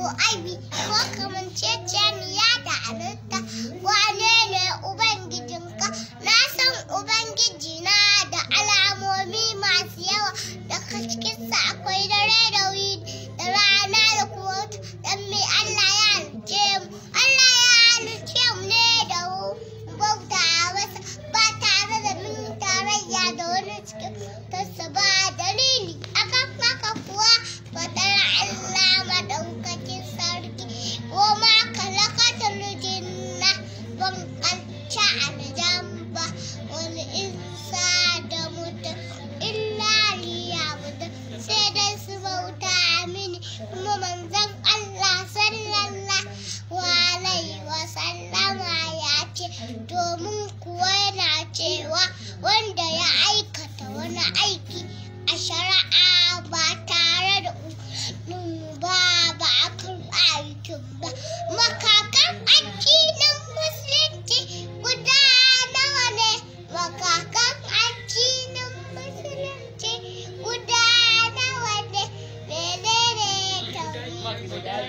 ko aibi ko ya da halitta wane anene ubangijinka na san ubangiji na da alamomi masu yawa daga cikinsa akwai dare da wuri da rana da kuma wata don allah ya halice mu allah ya halice mu ne da bauta ba tare da mun tarayya da wani cikin tasa ba الجنب والإنسان موت إلا ليعبد سيدنا سبوت عمين ومن زم الله صلى الله عليه وسلم ياتي domin kuwa yana cewa wanda ya aikata wani aiki a shari'a ba tare da a ba makakan aiki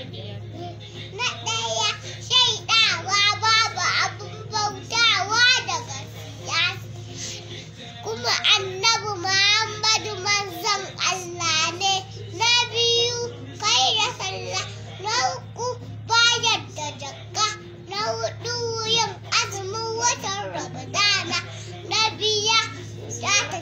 biyar. Na ɗaya shaidawa babu abin bautawa da gaskiya kuma annabi Muhammadu manzon Allah ne. Na biyu kai da sallah. Na uku bayar da jaka. Na hudu yin azumin watan Ramadana. Na biya za ta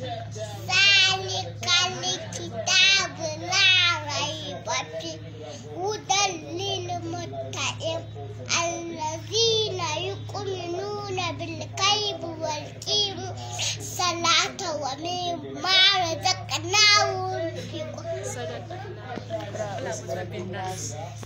braços, abrir braços. E